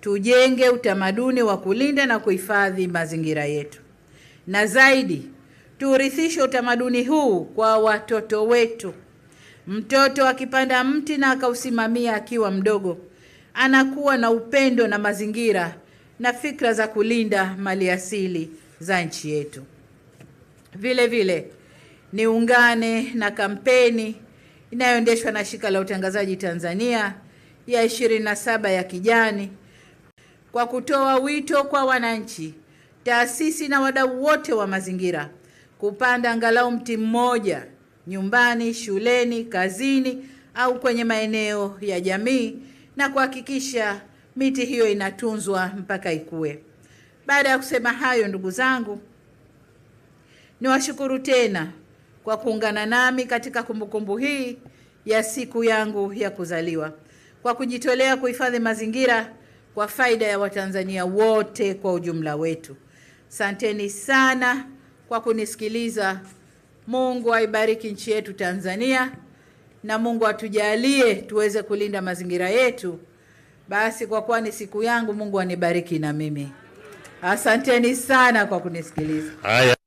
tujenge utamaduni wa kulinda na kuhifadhi mazingira yetu, na zaidi turithishe utamaduni huu kwa watoto wetu. Mtoto akipanda mti na akausimamia akiwa mdogo, anakuwa na upendo na mazingira na fikra za kulinda maliasili za nchi yetu. Vile vile niungane na kampeni inayoendeshwa na Shirika la Utangazaji Tanzania ya 27 ya kijani kwa kutoa wito kwa wananchi, taasisi na wadau wote wa mazingira kupanda angalau mti mmoja nyumbani, shuleni, kazini au kwenye maeneo ya jamii na kuhakikisha miti hiyo inatunzwa mpaka ikue. Baada ya kusema hayo, ndugu zangu, niwashukuru tena kwa kuungana nami katika kumbukumbu hii ya siku yangu ya kuzaliwa. Kwa kujitolea kuhifadhi mazingira kwa faida ya Watanzania wote kwa ujumla wetu. Santeni sana kwa kunisikiliza. Mungu aibariki nchi yetu Tanzania na Mungu atujalie tuweze kulinda mazingira yetu. Basi kwa kuwa ni siku yangu, Mungu anibariki na mimi. Asanteni sana kwa kunisikiliza. Haya.